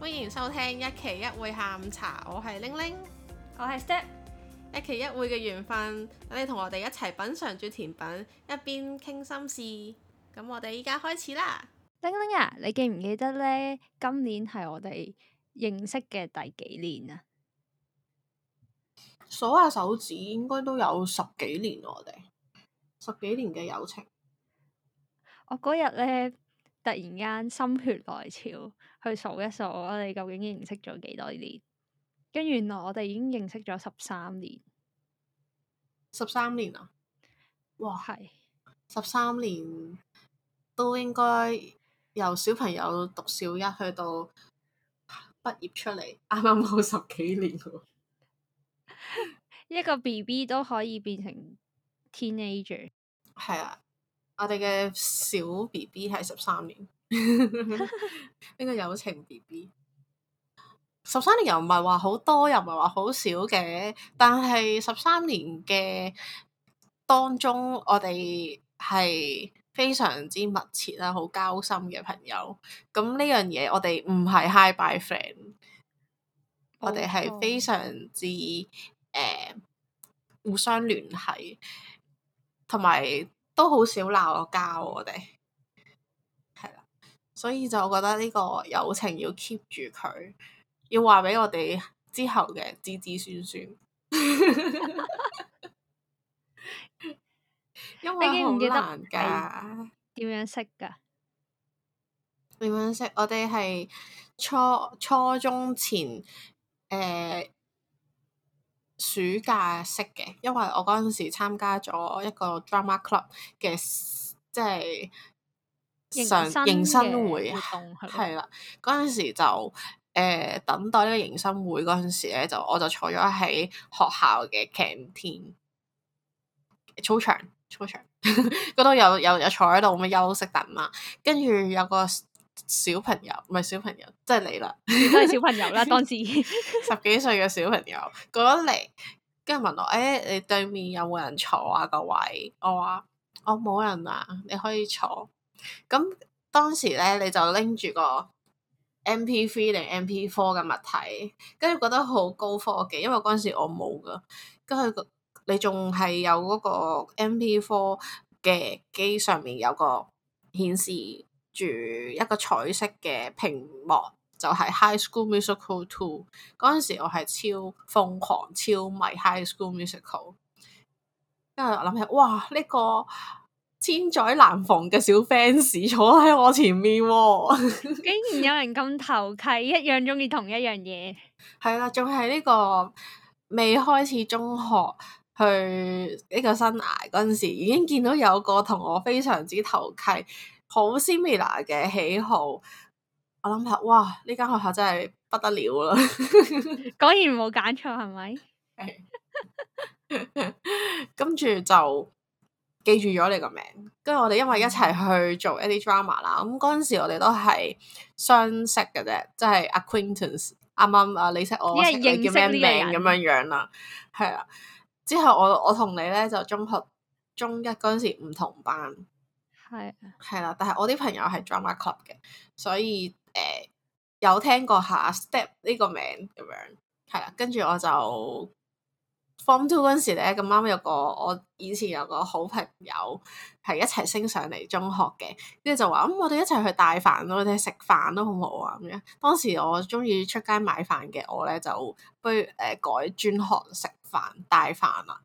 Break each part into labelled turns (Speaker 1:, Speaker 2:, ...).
Speaker 1: 歡迎收聽一期一會下午茶，我係玲玲，我係 Step，一期一會嘅緣分，等你同我哋一齊品嘗住甜品，一邊傾心事。咁我哋依家開始啦，
Speaker 2: 玲玲啊，你記唔記得呢？今年係
Speaker 1: 我哋認識嘅第幾年啊？數下手指，應該都有十幾年咯，我哋十幾年嘅友情。
Speaker 2: 我嗰日呢，突然間心血來潮去數一數，我哋究竟認識咗幾多年？跟原來我哋已經認識咗十三年，
Speaker 1: 十三年啊！哇，係十三年都應該由小朋友讀小一去到畢業出嚟，啱啱好十幾年喎
Speaker 2: 一個 B B 都可以變成 teenager，係啊，
Speaker 1: 我哋嘅小 B B 係十三年，呢 個友情 B B 十三年，又唔係話好多，又唔係話好少嘅，但係十三年嘅當中，我哋係非常之密切啦，好交心嘅朋友。咁呢樣嘢，我哋唔係 hi-bye friend，Okay. 我哋係非常之。誒，uh，互相聯繫，同埋都好少鬧交，我哋係啦，所以就覺得呢個友情要 keep 住佢，要話俾我哋之後嘅子子孫孫。因為好唔記得
Speaker 2: 點樣識㗎？
Speaker 1: 點樣識？我哋係初初中前誒。呃暑假識嘅，因為我嗰陣時參加咗一個 drama club 嘅，即
Speaker 2: 係迎迎新會，
Speaker 1: 係啦了。嗰陣時就誒、呃，等待個呢個迎新會嗰陣時咧，就我就坐咗喺學校嘅 canteen 操場操場嗰度，又又又坐喺度咁樣休息等啊，跟住有個。小朋友唔係小朋友，即係你啦，你都係小朋友啦。 當時十幾歲嘅小朋友過嚟，跟住問我，誒、欸，你對面有冇人坐啊？個位我話我冇人啊，你可以坐。咁當時咧，你就拎住個 M P three 定 M P four 嘅物體，跟住覺得好高科技，因為嗰陣時我冇㗎。跟住你仲係有嗰個 M P four 嘅機上面有個顯示住一個彩色嘅屏幕，就係、是、High School Musical Two。嗰陣時我係超瘋狂、超迷 High School Musical。跟住我諗起，哇！呢、這個千載難逢嘅小 fans 坐喺我前面、哦， 竟然有人咁投契，一樣中意同一樣嘢。係啦，仲係呢個未開始中學去呢個生涯嗰陣時，已經見到有個同我非常之投契。好 similar 嘅喜好，我諗下，哇！呢間學校真係不得了啦，
Speaker 2: 果然冇揀錯係咪？係，
Speaker 1: 跟住就記住咗你個名。跟住我哋因為一齊去做 edit drama 啦、嗯，咁嗰陣時我哋都係相識嘅啫，即係 acquaintance。啱啱啊，你識我，識你叫咩名咁樣樣啦？係啊，之後我我同你咧就中學中一嗰陣時唔同班。係係啦，但係我啲朋友係 drama club 嘅，所以誒、呃、有聽過下 step 呢個名咁樣，係啦，跟住我就 form two 嗰時咧，咁啱有個我以前有個好朋友係一齊升上嚟中學嘅，跟住就話咁、嗯、我哋一齊去帶飯咯，我哋食飯都好唔好啊？咁樣當時我中意出街買飯嘅，我咧就不如誒、呃、改專學食飯帶飯啦，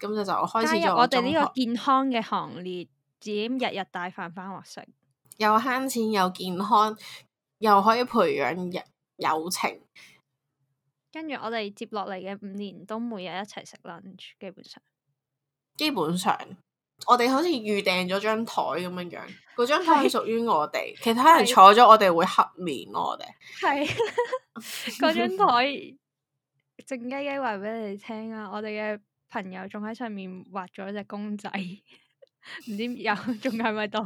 Speaker 1: 咁就就開始做加入我哋呢個
Speaker 2: 健康嘅行列。點日日帶飯翻學食，天
Speaker 1: 天飯飯又慳錢又健康，又可以培養友友情。
Speaker 2: 跟住我哋接落嚟嘅五年都每日
Speaker 1: 一齊食 lunch，基本上，基本上我哋好似預訂咗張台咁樣樣，嗰張台係屬於我哋，其他人坐咗我哋會黑面咯。我哋係嗰張台，
Speaker 2: 靜雞雞話俾你哋聽啊！我哋嘅朋友仲喺上面畫咗隻公仔。唔知有仲係咪到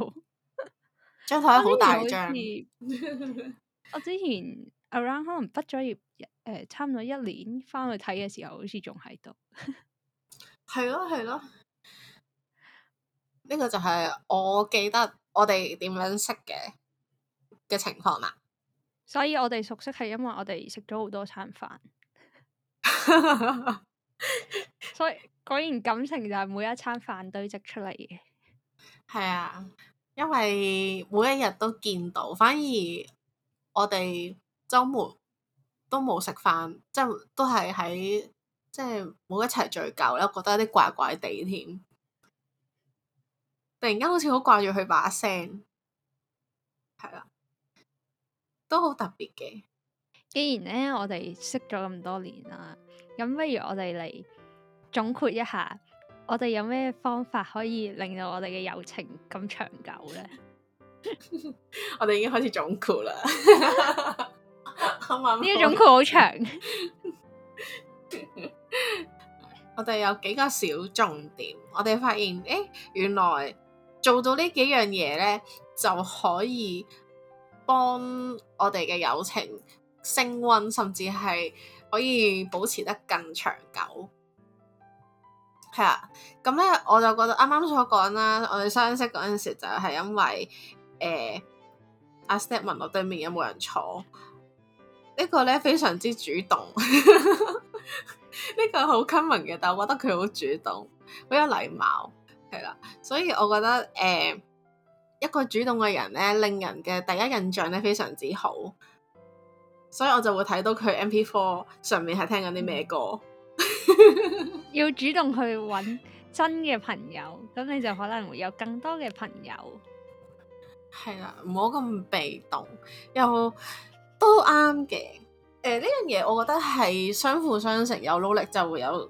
Speaker 2: 張台好大張？ 我之前 around 可能畢咗業，誒、呃，差唔多一年翻去睇嘅時候好，好似仲喺度。
Speaker 1: 係咯係咯，呢、這個就係我記得我哋點樣識嘅嘅情況啦。所
Speaker 2: 以我哋熟悉係因為我哋食咗好多餐飯， 所以果然感情就係每一餐飯堆積出嚟嘅。係
Speaker 1: 啊，因為每一日都見到，反而我哋周末都冇食飯，即係都係喺即係冇一齊聚舊咧，覺得有啲怪怪地添。突然間好似好掛住佢把聲。
Speaker 2: 係啊，
Speaker 1: 都好特別
Speaker 2: 嘅。既然呢，我哋識咗咁多年啦，咁不如我哋嚟總括一下。我哋有咩方法可以令到我哋嘅友情
Speaker 1: 咁長久呢？ 我哋已經開始總 總括啦，呢一種括好長。 我哋有幾個小重點，我哋發現，誒、欸，原來做到呢幾樣嘢呢，就可以幫我哋嘅友情升溫，甚至係可以保持得更長久。係啊，咁咧我就覺得啱啱所講啦我哋相識嗰陣時就係因為誒，阿 Step 問我對面有冇人坐，這個、呢個咧非常之主動，呢 個好 common 嘅，但係我覺得佢好主動，好有禮貌，係啦，所以我覺得誒、呃、一個主動嘅人咧，令人嘅第一印象咧非常之好，所以我就會睇到佢 MP4 上面係聽緊啲咩歌。
Speaker 2: 要主動去揾真嘅朋友，咁你就可能會有更多嘅朋友。
Speaker 1: 係啦，唔好咁被動，又都啱嘅。誒、呃，呢樣嘢我覺得係相輔相成，有努力就會有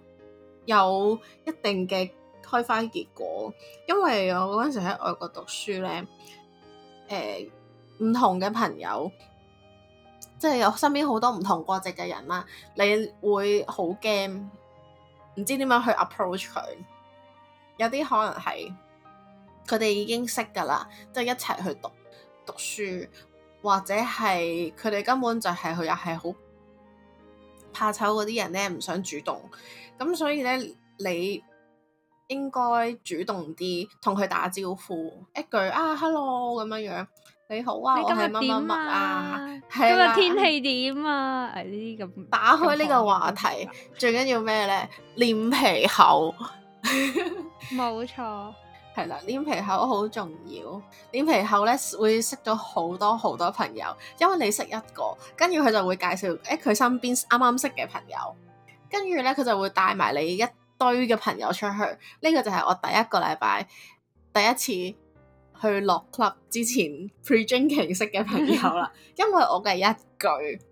Speaker 1: 有一定嘅開花結果。因為我嗰陣時喺外國讀書咧，誒、呃，唔同嘅朋友。即係有身邊好多唔同國籍嘅人啦，你會好驚唔知點樣去 approach 佢。有啲可能係佢哋已經識噶啦，即係一齊去讀讀書，或者係佢哋根本就係佢又係好怕醜嗰啲人咧，唔想主動。咁所以咧，你應該主動啲同佢打招呼，一句啊 hello 咁樣樣。你好啊，你今日乜乜乜啊，今日天氣
Speaker 2: 點啊？誒呢啲咁，
Speaker 1: 打開呢個話題 最緊要咩咧？臉皮厚，冇 錯錯，係啦， 臉皮厚好重要。臉皮厚咧會識咗好多好多朋友，因為你識一個，跟住佢就會介紹喺佢身邊啱啱識嘅朋友，跟住咧佢就會帶埋你一堆嘅朋友出去。呢個就係我第一個禮拜第一次去落 club 之前 pre drink 期識嘅朋友啦， 因為我嘅一句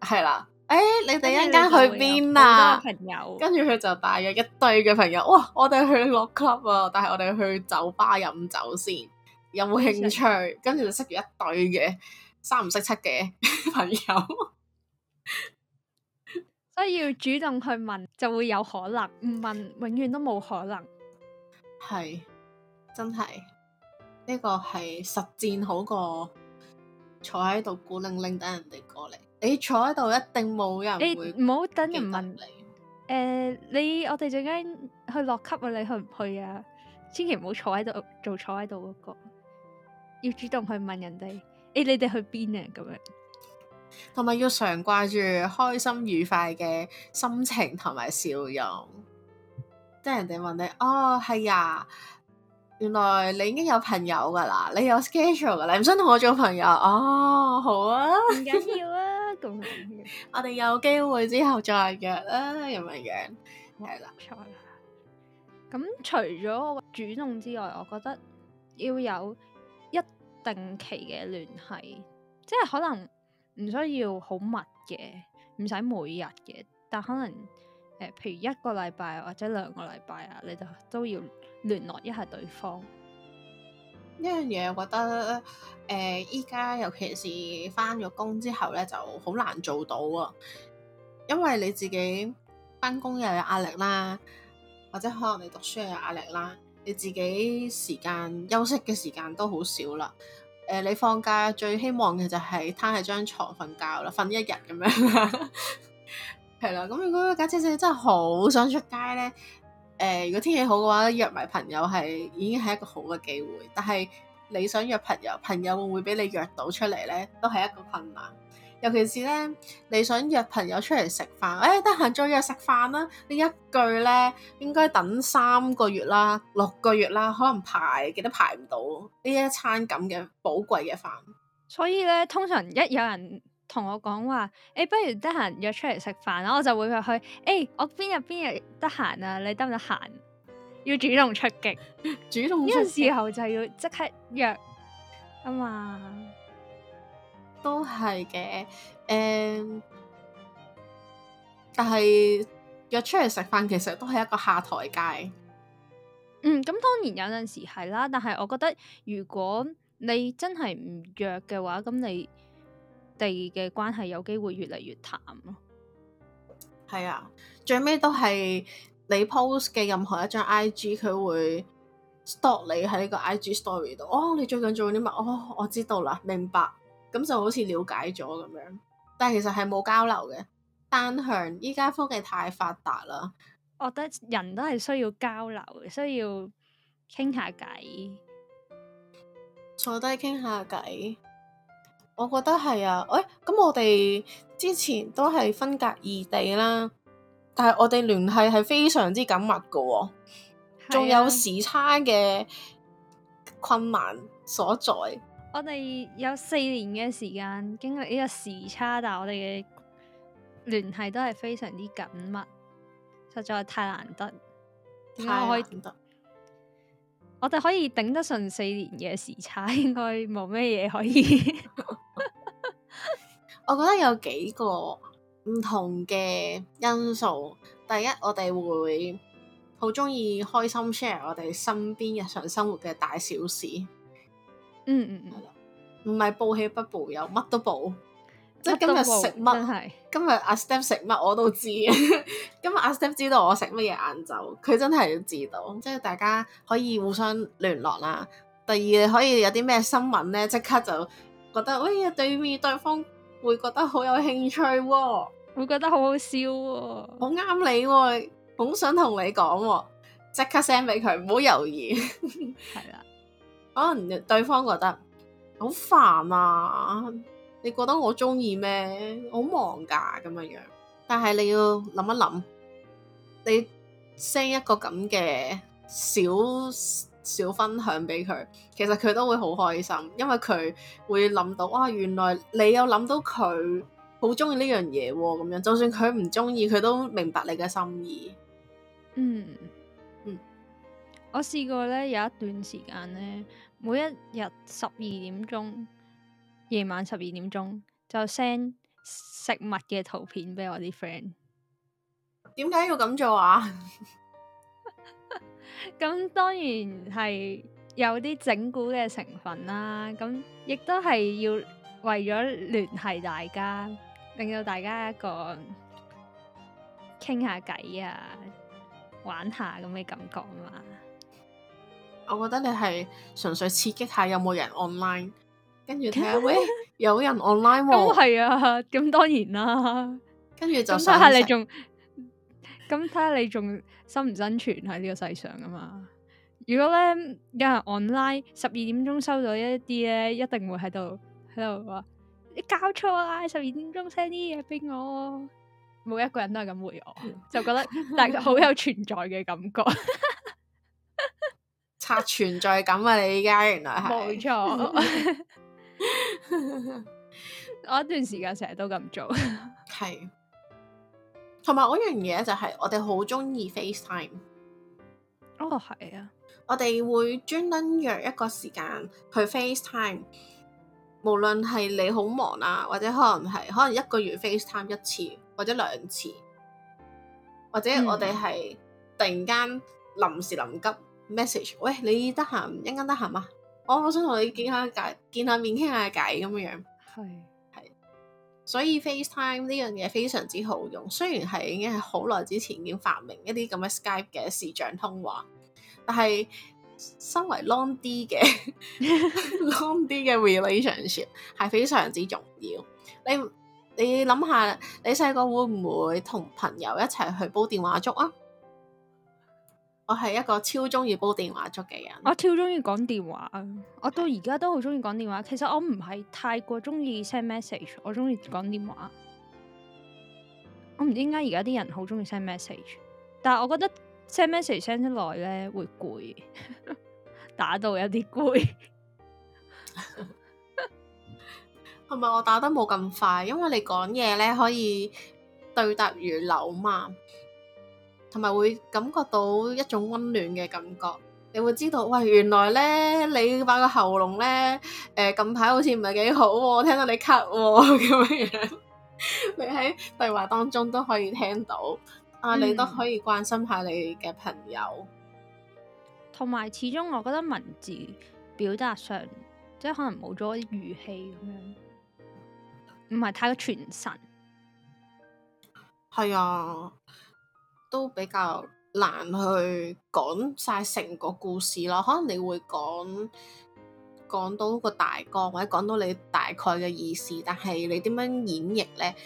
Speaker 1: 係啦，誒、欸，你哋一陣間去邊啊？
Speaker 2: 朋友，跟
Speaker 1: 住佢就帶嘅一堆嘅朋友，哇！我哋去落 club 啊，但係我哋去酒吧飲酒先，有冇興趣？ 跟住就識咗一堆嘅三唔識七嘅朋友，
Speaker 2: 所以要主動去問，就會有可
Speaker 1: 能，唔問永遠都冇可能，係真係。呢個係實戰好過坐喺度孤零零等人哋過嚟。你坐喺度一定冇人會你。你唔好等人問、呃、你。誒，你
Speaker 2: 我哋陣間去落級啊，你去唔去啊？千祈唔好坐喺度做坐喺度嗰個，要主動去問人哋。誒、欸，你哋去邊啊？咁樣。
Speaker 1: 同埋要常掛住開心愉快嘅心情同埋笑容，即係人哋問你，哦，係啊。原來你已經有朋友噶啦，你有 schedule 噶你唔想同我做朋友哦，好啊，唔緊要啊，咁、 啊， 我哋有機會之後再約啦，咁 樣樣，
Speaker 2: 係啦 了，咁除咗主動之外，我覺得要有一定期嘅聯繫，即係可能唔需要好密嘅，唔使每日嘅，但可能。譬如一個禮拜或者兩個禮拜啊，你就都要聯絡一下對方。
Speaker 1: 呢樣嘢，我覺得誒，依、呃、家尤其是翻咗工之後咧，就好難做到啊。因為你自己翻工又有壓力啦，或者可能你讀書又有壓力啦，你自己時間休息嘅時間都好少啦。誒、呃，你放假最希望嘅就係攤喺張床瞓覺啦，瞓一日咁樣 係啦，咁如果假設真係真係好想出街咧，誒、呃，如果天氣好嘅話，約埋朋友係已經係一個好嘅機會。但係你想約朋友，朋友會唔會俾你約到出嚟咧，都係一個困難。尤其是咧，你想約朋友出嚟食飯，誒、哎，得閒再約食飯啦。呢一句咧，應該等三個月啦、六個月啦，可能排幾都排唔到呢一餐咁嘅寶貴嘅飯。所以咧，通常一有人
Speaker 2: 同我講話，誒、欸，不如得閒約出嚟食飯啦，我就會去。誒、欸，我邊日邊日得閒啊，你得唔得閒？要主動出擊。 主動呢個時候就要即
Speaker 1: 刻約、嗯、啊嘛。都係嘅，誒、嗯，但係約出嚟食飯其實都係一個下台階。嗯，咁當然有陣時係啦，但係我覺得
Speaker 2: 如果你真係唔約嘅話，咁你地嘅關
Speaker 1: 係有機會越嚟越淡咯。係啊，最尾都係你 post 嘅任何一張 IG，佢會 stop 你喺呢個 IG story 度。哦，你最近做啲乜？哦，我知道啦，明白。咁就好似了解咗咁樣，但係其實係冇交流嘅單向。依家科技太發達啦，
Speaker 2: 我覺得人都係需要交流嘅，需要傾下偈，
Speaker 1: 坐低傾下偈。我覺得係啊，誒、欸，咁我哋之前都係分隔異地啦，但係我哋聯繫係非常之緊密噶、哦，仲、啊、有時差嘅困難所在。
Speaker 2: 我哋有四年嘅時間經歷呢個時差，但係我哋嘅聯繫都係非常之緊密，實在太難得，點解可以我哋可以頂得順四年
Speaker 1: 嘅時差，應該冇咩嘢可以。 我覺得有幾個唔同嘅因素。第一，我哋會好鍾意開心 share 我哋身邊日常生活嘅大小事。嗯嗯嗯，係啦，唔係報喜不報憂，乜都報。
Speaker 2: 即係今日食
Speaker 1: 乜？今日阿 Step 食乜我都知。 今日阿 Step 知道我食乜嘢晏晝，佢真係要知道。即係大家可以互相聯絡啦。第二，可以有啲咩新聞咧，即刻就覺得哎呀，對面對方會覺得好有興趣喎、哦，會覺得好好笑喎、哦。好啱你喎、哦，好想同你講喎、哦，即刻 send 俾佢，唔好猶豫。係 啦的，可能對方覺得好煩啊。你覺得我中意咩？我好忙噶咁嘅樣，但係你要諗一諗，你 send 一個咁嘅小小分享俾佢，其實佢都會好開心，因為佢會諗到啊，原來你有諗到佢好中意呢樣嘢喎，咁樣就算佢唔中意，佢都明白你嘅心意。嗯嗯，
Speaker 2: 我試過咧，有一段時間咧，每一日十二點鐘。夜晚十二點鐘就 send 食物嘅圖片俾我啲 friend。點解要咁做啊？咁 當然係有啲整蠱嘅成分啦，咁亦都係要為咗聯繫大家，令到大家一個傾下偈啊，玩下咁嘅感
Speaker 1: 覺嘛。我覺得你係純粹刺激下有冇人 online。跟住睇下喂，有人 online 喎。都係啊，咁當然啦。跟住就睇下你仲，
Speaker 2: 咁睇下你仲生唔生存喺呢個世上啊嘛？如果咧有人 online，十二點鐘收到一啲咧，一定會喺度喺度話你搞錯啊！十二點鐘 send 啲嘢俾我，每一個人都係咁回我， 就覺得但係好有
Speaker 1: 存在嘅感覺，刷 存在感啊！你依家原來係冇錯。錯 我一段時間成日都咁做， 係同埋我樣嘢就係我哋好中意 FaceTime 哦，係啊，我哋會專登約一個時間去 FaceTime，無論係你好忙啊，或者可能係可能一個月 FaceTime 一次或者兩次，或者,或者、嗯、我哋係突然間臨時臨急 message，喂，你得閒一陣間得閒啊。哦、我好想同你見下偈，見下面傾下偈，咁樣樣。
Speaker 2: 係係
Speaker 1: 是，所以 FaceTime 呢樣嘢非常之好用。雖然係已經係好耐之前已經發明一啲咁嘅 Skype 嘅視像通話，但係身為 long D 嘅 long D 嘅 relationship 係非常之重要。你你諗下，你細個會唔會同朋友一齊去煲電話粥啊？我係一個超中意煲電話粥嘅人，我超中意講電話，
Speaker 2: 我到而家都好中意講電話。其實我唔係太過中意 send message，我中意講電話。我唔知點解而家啲人好中意 send message，但係我覺得 send message send 得耐咧會攰， 打到有啲攰。
Speaker 1: 係 咪 我打得冇咁快？因為你講嘢咧可以對答如流嘛。同埋會感覺到一種溫暖嘅感覺，你會知道，喂，原來咧你把個喉嚨咧，誒、呃，近排好似唔係幾好，聽到你咳咁樣， 你喺對話當中都可以聽到，啊，嗯、你都可以關心下你嘅朋友，同埋始終我覺得文字表
Speaker 2: 達上，即係可能冇咗啲語氣咁樣，唔係太過傳
Speaker 1: 神，係、嗯、啊。都比較難去講晒成個故事咯，可能你會講，講到個大綱或者講到你大概嘅意思，但係你點樣演繹呢？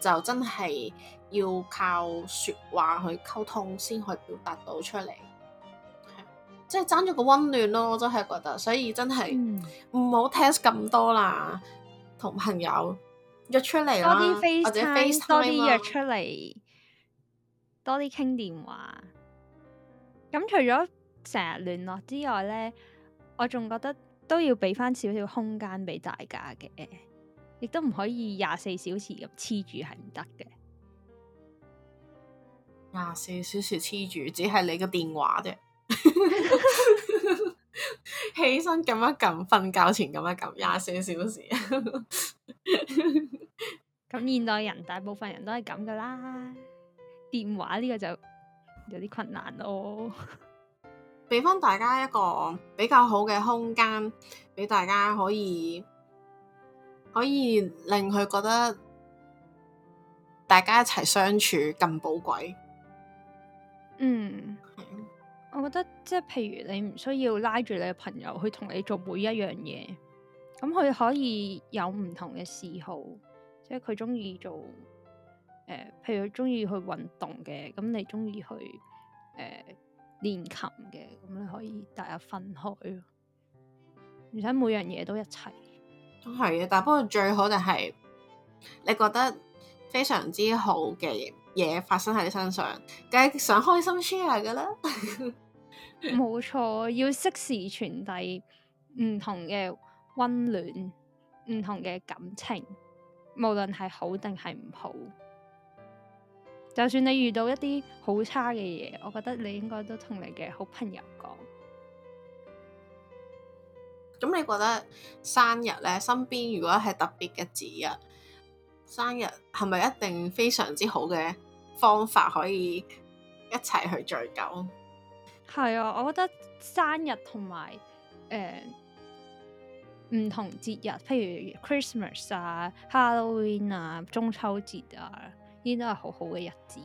Speaker 1: 就真係要靠說話去溝通先可以表達到出嚟。係，即係爭咗個溫暖咯，我真係覺得，所以真係唔好 test 咁多啦，同朋友約出嚟多啲 face，或者 face 多啲約出嚟。
Speaker 2: 多啲傾電話，咁除咗成日聯絡之外咧，我仲覺得都要俾翻少少空間俾大家嘅，亦都唔可以廿四小時
Speaker 1: 咁黐住係唔得嘅。廿四小時黐住，只係你個電話啫。 起身咁一撳，瞓覺前咁一撳，廿四小時。
Speaker 2: 咁 現代人大部分人都係咁噶啦。電話呢個就有啲
Speaker 1: 困難咯，俾翻大家一個比較好嘅空間，俾大家可以可以令佢覺得大家一齊相處咁寶貴。
Speaker 2: 嗯，係我覺得即係譬如你唔需要拉住你嘅朋友去同你做每一樣嘢，咁佢可以有唔同嘅嗜好，即係佢中意做。誒，譬如中意去運動嘅，咁你中意去誒練琴嘅，咁你可以大家分開咯。
Speaker 1: 唔使每樣嘢都一齊都係嘅，但不過最好就係你覺得非常之好嘅嘢發生喺你身上，梗係想開心 share 噶啦。
Speaker 2: 冇 錯，要適時傳遞唔同嘅溫暖，唔同嘅感情，無論係好定係唔好。就算你遇到一啲好差嘅嘢，我
Speaker 1: 覺得你應該都同你嘅好朋友講。咁你覺得生日咧，身邊如果係特別嘅節日，生日係咪一定非常之好嘅方法可以一齊去聚舊？
Speaker 2: 係啊，我覺得生日、呃、同埋誒唔同節日，譬如 Christmas 啊、Halloween 啊、中秋節啊。呢都係好好嘅日子，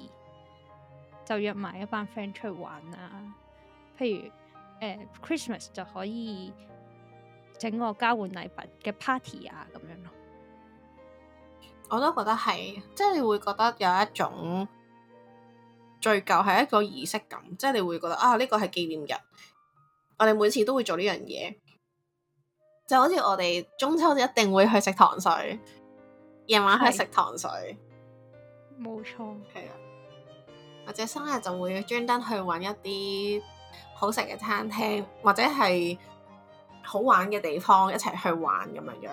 Speaker 2: 就約埋一班 friend 出去玩啊！譬如誒、呃，Christmas 就可以
Speaker 1: 整個交換禮品嘅 party 啊，咁樣咯。我都覺得係，即係你會覺得有一種聚舊係一個儀式感，即係你會覺得啊，呢、這個係紀念日，我哋每次都會做呢樣嘢。就好似我哋中秋就一定會去食糖水，夜晚去食糖水。冇錯，係啊，或者生日就會專登去揾一啲好食嘅餐廳，或者係好玩嘅地方一齊去玩咁樣樣。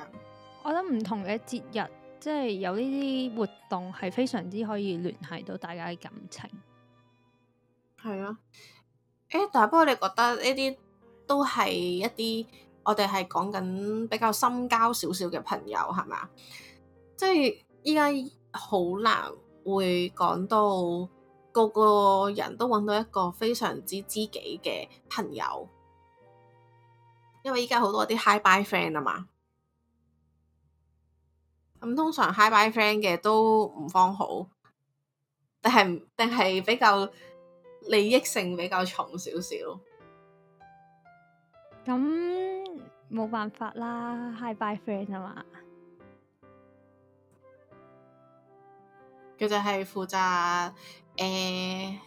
Speaker 2: 我覺得唔同嘅節日，即係有呢啲活動，係非常之可以聯繫到大家嘅感情。係啊。
Speaker 1: 欸、但係不過你覺得呢啲都係一啲我哋係講緊比較深交少少嘅朋友係咪啊？即係依家好難。會講到個個人都揾到一個非常之知己嘅朋友，因為而家好多啲 high bye friend 啊嘛，咁、嗯、通常 high bye friend 嘅都唔方好，定係但係比較利益性比較重少少，
Speaker 2: 咁
Speaker 1: 冇、嗯、辦法啦，high bye friend 啊嘛。佢就係負責誒、呃、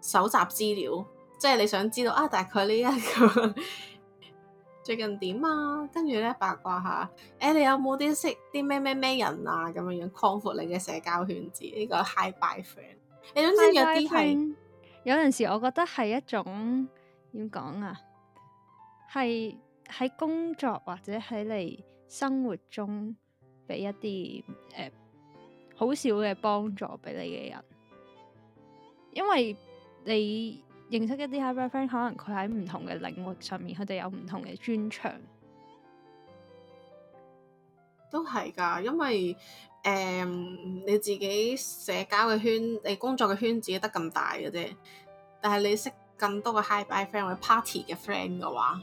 Speaker 1: 搜集資料，即係你想知道啊，大概呢、這、一個呵呵最近點啊，跟住咧八卦下，誒、欸、你有冇啲識啲咩咩咩人啊咁樣樣，擴闊你嘅社交圈子呢、這個 high
Speaker 2: bye friend。high bye friend 有陣 by 是時我覺得係一種點講啊，係喺工作或者喺你生活中俾一啲誒。呃好少嘅幫助俾你嘅人，因為你認識一啲 hi-bye friend 可能佢喺唔同嘅領域上面，佢哋有唔同嘅專長。
Speaker 1: 都係噶，因為誒、嗯、你自己社交嘅圈，你工作嘅圈子得咁大嘅啫。但係你識更多嘅 hi-bye friend 或者 party 嘅 friend 嘅話，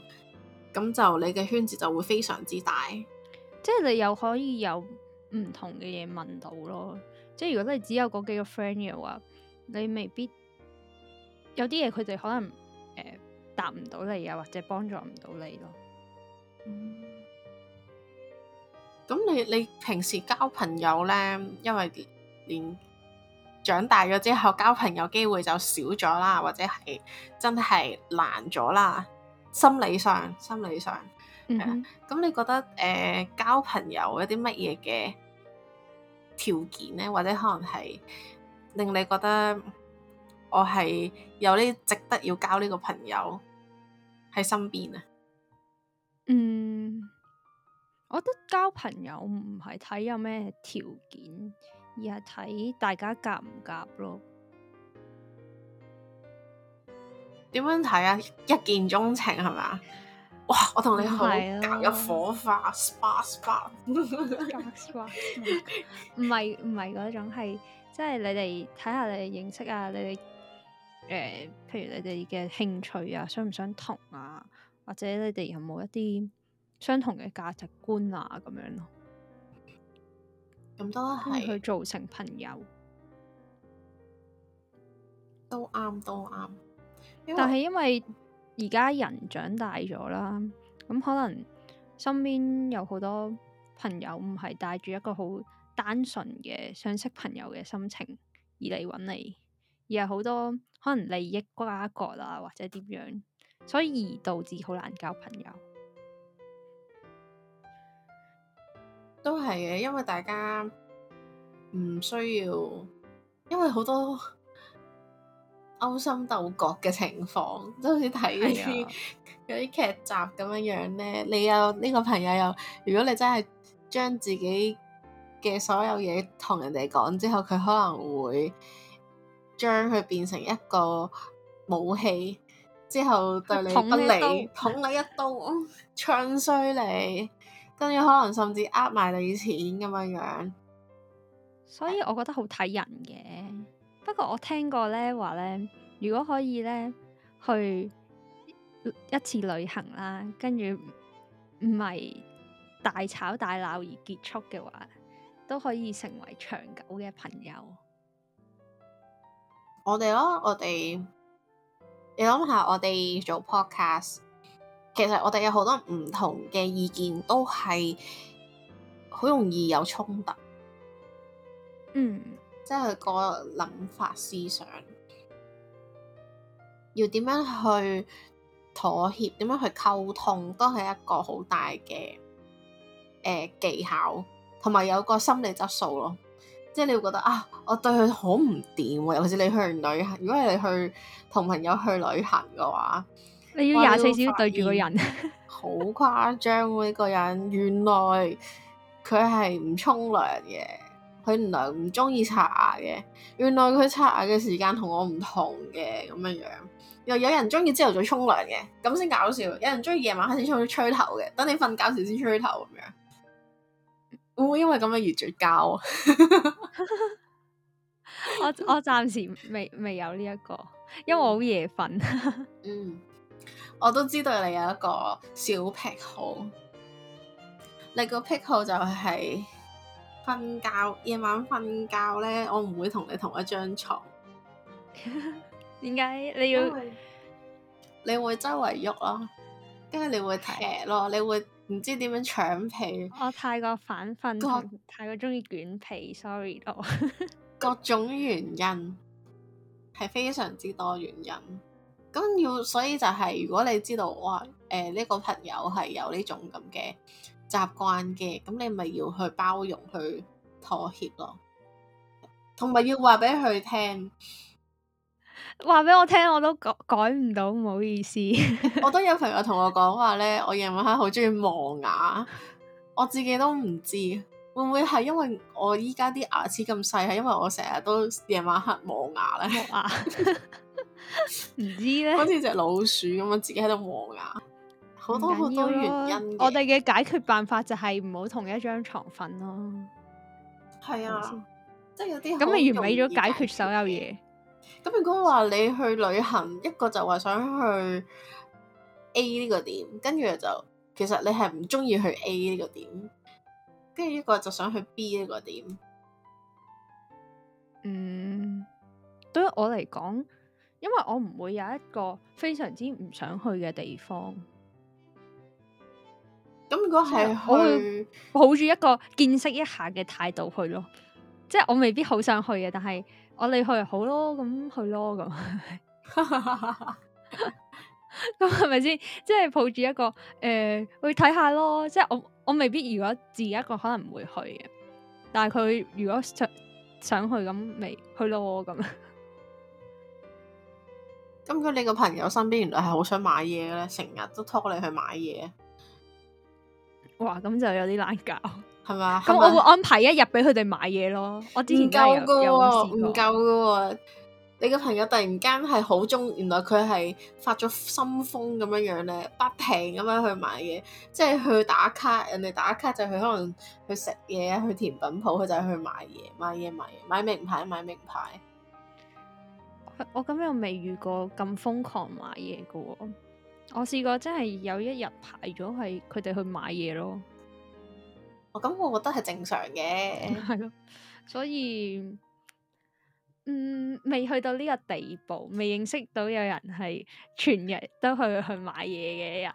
Speaker 1: 咁就你嘅圈子就會非常之大。即係你又可以有，唔同嘅嘢問到咯，
Speaker 2: 即係如果你只有嗰幾個 friend 嘅話，你未必有啲嘢佢哋可能誒答唔到你啊，或者幫助唔到你咯。嗯，
Speaker 1: 咁你你平時交朋友咧，因為你長大咗之後交朋友機會就少咗啦，或者係真係難咗啦，心理上，心理上。咁、嗯、你覺得誒、呃，交朋友有啲乜嘢嘅條件呢？或者可能係令你覺得我係有啲值得要交呢個朋友喺身邊啊？嗯，
Speaker 2: 我覺得交朋友唔係睇有咩條件，而係睇大家夾唔夾咯。
Speaker 1: 點樣睇啊？一見鍾情係咪？哇！我同你去，夾有火花
Speaker 2: ，spark spark，唔係唔係嗰種，係即係你哋睇下你哋認識啊，你哋誒、呃、譬如你哋嘅興趣啊，想唔想同啊，或者你哋有冇一啲相同嘅價值觀啊咁樣咯，咁都係去做成朋友，
Speaker 1: 都啱都
Speaker 2: 啱，但係因為。而家人長大咗啦，咁可能身邊有好多朋友唔係帶住一個好單純嘅想識朋友嘅心情而嚟揾你，而係好多可能利益瓜葛啊，或者點樣，所以而導致好難交朋友。
Speaker 1: 都係嘅，因為大家唔需要，因為好多。勾心鬥角嘅情況，即好似睇啲有啲劇集咁樣樣咧。你有呢、這個朋友又，如果你真係將自己嘅所有嘢同人哋講之後，佢可能會將佢變成一個武器，之後對你不利，捅你， 你一刀，唱衰你，跟住可能甚至呃埋你錢咁樣樣。
Speaker 2: 所以，我覺得好睇人嘅。不過我聽過咧話咧，如果可以咧去一次旅行啦，跟住唔係大吵大鬧而結束嘅話，都可以成為長
Speaker 1: 久嘅朋友。我哋咯，我哋，你諗下，我哋做 podcast，其實我哋有好多唔同嘅意見，都係好容易有衝突。嗯。即係個諗法、思想，要點樣去妥協，點樣去溝通，都係一個好大嘅、呃、技巧，同埋有個心理質素咯。即係你會覺得啊，我對佢好唔掂，尤其是你去旅行，如果係你去同朋友去旅行嘅話，
Speaker 2: 你要廿四小時對住 個人，
Speaker 1: 好誇張！呢個人原來佢係唔沖涼嘅。佢娘唔中意刷牙嘅，原來佢刷牙嘅時間同我唔同嘅，咁樣樣，又有人中意朝頭早沖涼嘅，咁先搞笑。有人中意夜晚開始沖吹頭嘅，等你瞓覺時先吹頭咁樣。會唔會因為咁樣而絕交
Speaker 2: 啊？ 我我暫時未未有呢一個，因為我好夜瞓。
Speaker 1: 嗯，我都知道你有一個小癖好，你個癖好就係。瞓覺夜晚瞓覺咧，我唔會同你同一張床。點解 你要？你會周圍喐咯，跟住你會踢咯，的你會唔知點樣搶被。我太過反瞓，各
Speaker 2: 太過鍾意捲被，sorry
Speaker 1: 到。各， 各種原因係非常之多原因。咁要所以就係、是、如果你知道話，誒呢、呃呢個朋友係有呢種咁嘅。習慣嘅，咁你咪要去包容去妥協咯，同埋要話俾佢聽，話俾我聽，我都改改唔到，唔好意思。 我都有朋友同我講話咧，我夜晚黑好中意磨牙，我自己都唔知會唔會係因為我依家啲牙齒咁細，係因為我成日都夜晚黑磨牙咧。唔 知咧， 好似隻老鼠咁樣自己喺度磨牙。好多好多原因，我哋嘅
Speaker 2: 解決辦法就係唔好同一張床瞓咯。係啊，先即係有
Speaker 1: 啲咁你完美咗解決所有嘢。咁 如果話你去旅行，一個就話想去 A 呢個點，跟住就其實你係唔中意去 A 呢個點，跟住一個就想去 B 呢個點。嗯，對於我嚟講，因為我唔會有一
Speaker 2: 個非常之唔想去嘅地方。咁、嗯、如果係，我會抱住一個見識一下嘅態度去咯，即係我未必好想去嘅，但係我哋去就好咯，咁去咯咁，咁係咪先？即係抱住一個誒、呃，去睇下咯。即係我我未必，如果自己一個可能唔會去嘅，但係佢如果想去咁，咪去咯咁。咁、
Speaker 1: 嗯、如果你個朋友身邊原來係好想買嘢嘅咧，成日都拖你去買嘢。
Speaker 2: 咁就有啲難搞，
Speaker 1: 係嘛吧？咁我會安
Speaker 2: 排一日俾佢哋買嘢咯。我之前唔夠噶，唔
Speaker 1: 夠噶。你個朋友突然間係好中，原來佢係發咗心瘋咁樣樣咧，不停咁樣去買嘢，即係去打卡。人哋打卡就去可能去食嘢，去甜品鋪，佢就係去買嘢，買嘢，買嘢，買名牌，買名牌。我咁樣未遇過咁瘋
Speaker 2: 狂買嘢噶喎。我試過真係有一日排咗係佢哋去買嘢咯，我咁、哦、我覺得係正常嘅，係咯、 嗯，所以嗯未去到呢個地步，未認識到有人係全日都去去買嘢嘅人，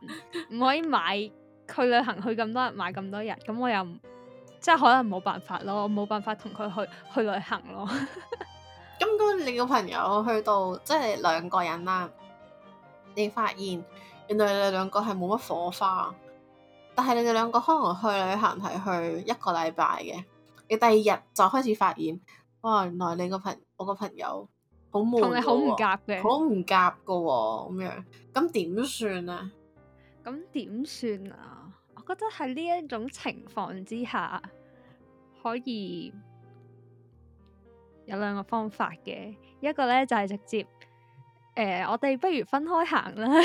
Speaker 2: 唔 可以買去旅行去咁多日買咁多日，咁我又即係可能冇辦法咯，我冇辦法同佢去去旅行咯。
Speaker 1: 咁 嗰你個朋友去到即係兩個人啦。你發現原來你哋兩個係冇乜火花，但係你哋兩個可能去旅行係去一個禮拜嘅，你第二日就開始發現，哇！原來你個朋我個朋友好悶，同你好唔夾嘅，好唔夾㗎喎，咁樣咁點算啊？咁點算
Speaker 2: 啊？我覺得喺呢一種情況之下，可以有兩個方法嘅，一個咧就係直接。誒、呃，我哋不如分開行啦，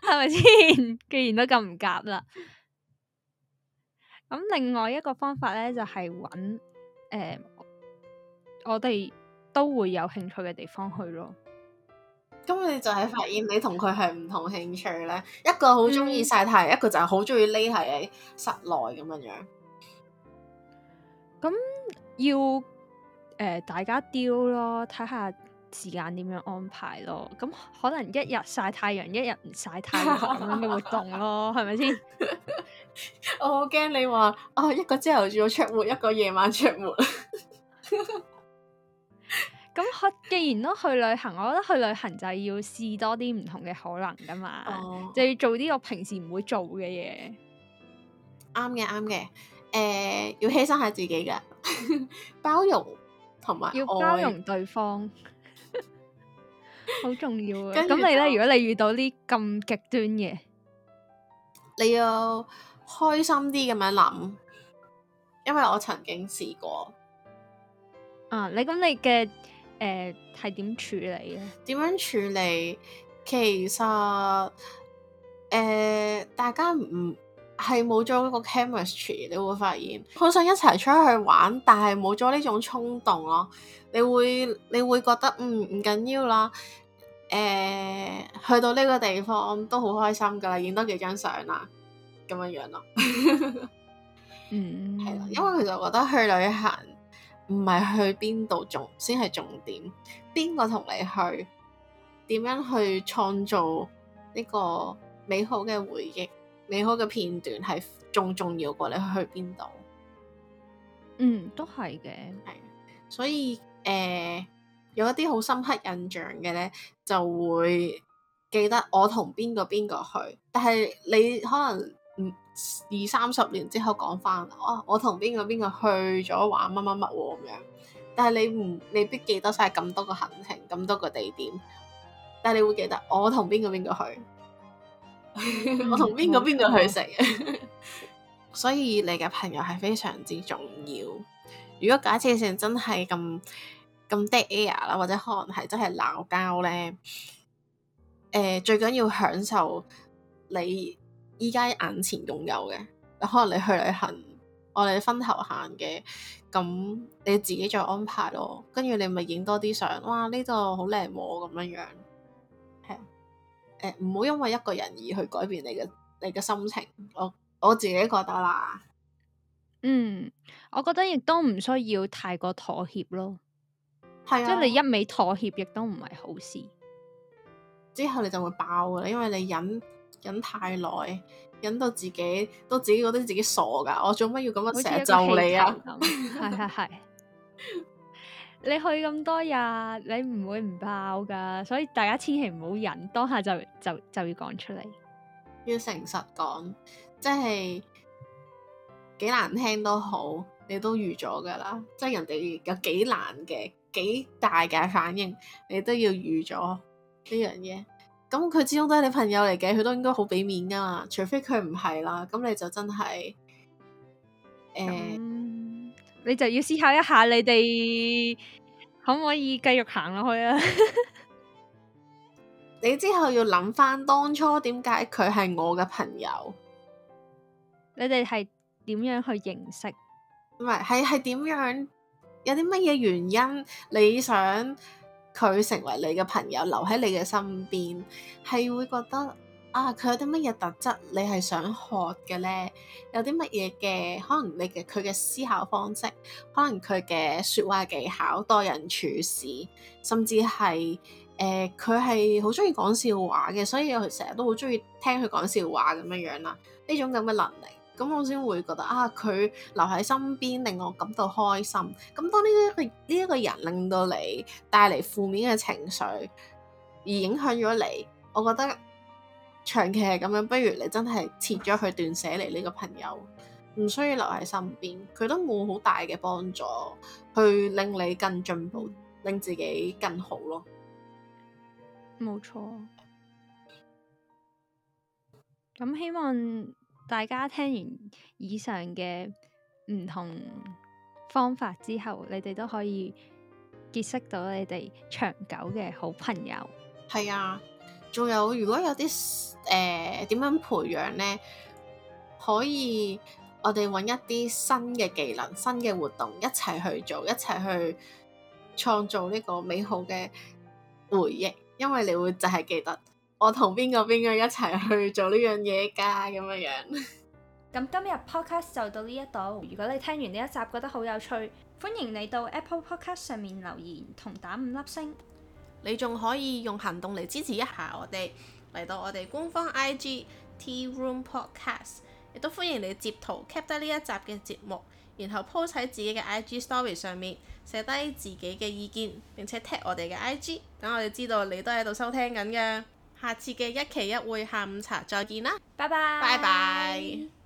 Speaker 1: 係咪
Speaker 2: 先？既然都咁唔夾啦，咁另外一個方法咧就係搵誒，我哋都會有興趣嘅地方去咯。
Speaker 1: 咁、嗯、你就係發現你同佢係唔同興趣咧，一個好中意曬太、嗯、一個就係好中意匿喺室內咁樣樣。咁、嗯、
Speaker 2: 要誒、呃，大家挑咯，睇下。時間點樣安排咯？咁可能一日曬太陽，一日唔曬太陽咁嘅活動咯，係咪先？ 我好驚你話哦，一個朝頭早要出門，一個夜晚出門。咁、 嗯，既然都去旅行，我覺得去旅行就係要試多啲唔同嘅可能噶嘛，哦、就要做啲我平時唔會做嘅嘢。
Speaker 1: 啱嘅，啱嘅。誒、呃，要犧牲下自己嘅 包容，同埋要包容對方。好重要啊。咁跟着 你咧？如
Speaker 2: 果你遇到呢咁極端嘅，你要
Speaker 1: 開心啲咁樣諗，因為我曾經試過。啊，你咁你嘅誒係點處理咧？點樣處理？其實誒、呃，大家唔。係冇咗個 chemistry，你會發現好想一齊出去玩，但係冇咗呢種衝動咯。你會你會覺得嗯唔緊要啦。誒、呃，去到呢個地方都好開心噶啦，影多幾張相啦，咁樣樣咯。嗯、 mm，係、hmm，啦，因為其實我覺得去旅行唔係去邊度重，先係重點。邊個同你去，點樣去創造呢個美好嘅回憶。美好嘅片段係仲重要過你去邊度？嗯，都係嘅，係，所以誒、呃，有一啲好深刻印象嘅咧，就會記得我同邊個邊個去。但係你可能唔二三十年之後講翻，哦、啊，我同邊個邊個去咗玩乜乜乜喎咁樣。但係你唔未必記得晒咁多個行程，咁多個地點。但係你會記得我同邊個邊個去。 我同邊個邊度去食？ 所以你嘅朋友係非常之重要。如果假設成真係咁咁 dead air 啦，或者可能係真係鬧交咧，誒、呃，最緊要享受你依家眼前擁有嘅。可能你去旅行，我，哦、哋分頭行嘅，咁你自己再安排咯。跟住你咪影多啲相，哇！呢度好靚喎，咁樣樣。誒，唔好、欸、因為一個人而去改變你嘅你嘅心情，我我自己覺得啦。嗯，我覺得亦都唔需要太過
Speaker 2: 妥協咯。係啊，即係你一味妥協，亦都唔係好事。
Speaker 1: 之後你就會爆噶啦，因為你忍忍太耐，忍到自己都自己覺得自己傻噶。我做乜要咁樣成日咒你啊？係
Speaker 2: 係係。 你去咁多日，你唔會唔爆噶，所以大家千祈唔好忍，當下就就就要講出嚟，要誠實講，
Speaker 1: 即係幾難聽都好，你都預咗噶啦，即係人哋有幾難嘅，幾大嘅反應，你都要預咗呢樣嘢。咁佢始終都係你朋友嚟嘅，佢都應該好俾面噶嘛，除非佢唔係啦，咁你就真係誒。嗯呃你就要思考一下你，你哋可唔可以繼續行落去啊？ 你之後要諗翻當初點解佢係我嘅朋友？你哋係點樣去認識？唔係係係點樣？有啲乜嘢原因？你想佢成為你嘅朋友，留喺你嘅身邊，係會覺得？啊！佢有啲乜嘢特質，你係想學嘅呢？有啲乜嘢嘅？可能你嘅佢嘅思考方式，可能佢嘅說話技巧，待人處事，甚至係誒，佢係好中意講笑話嘅，所以我成日都好中意聽佢講笑話咁樣樣啦。呢種咁嘅能力，咁我先會覺得啊，佢留喺身邊令我感到開心。咁當呢一個呢一個人令到你帶嚟負面嘅情緒，而影響咗你，我覺得。長期係咁樣，不如你真係切咗佢斷捨離呢個朋友，唔需要留喺身邊，佢都冇好大嘅幫助，去令你更進步，令自己更好咯。
Speaker 2: 冇錯。咁希望大家聽完以上嘅唔同方法之後，你哋都可以結識到你哋長久嘅好朋友。係
Speaker 1: 啊。仲有，如果有啲誒點樣培養呢？可以我哋揾一啲新嘅技能、新嘅活動一齊去做，一齊去創造呢個美好嘅回憶，因為你會就係記得我同邊個邊個一齊去做呢樣嘢㗎咁嘅樣。
Speaker 2: 咁今日 Podcast 就到呢一度，如果你聽完呢一集覺得好有趣，歡迎你
Speaker 1: 到 Apple Podcast 上面留言同打五粒星。你仲可以用行動嚟支持一下我哋，嚟到我哋官方 IG Tea Room Podcast，亦都歡迎你截圖 cap 低呢一集嘅節目，然後 po 喺自己嘅 IG Story 上面寫低自己嘅意見，並且 tag 我哋嘅 IG，等我哋知道你都喺度收聽緊嘅。下次嘅一期一會下午茶再見啦，拜拜，拜拜。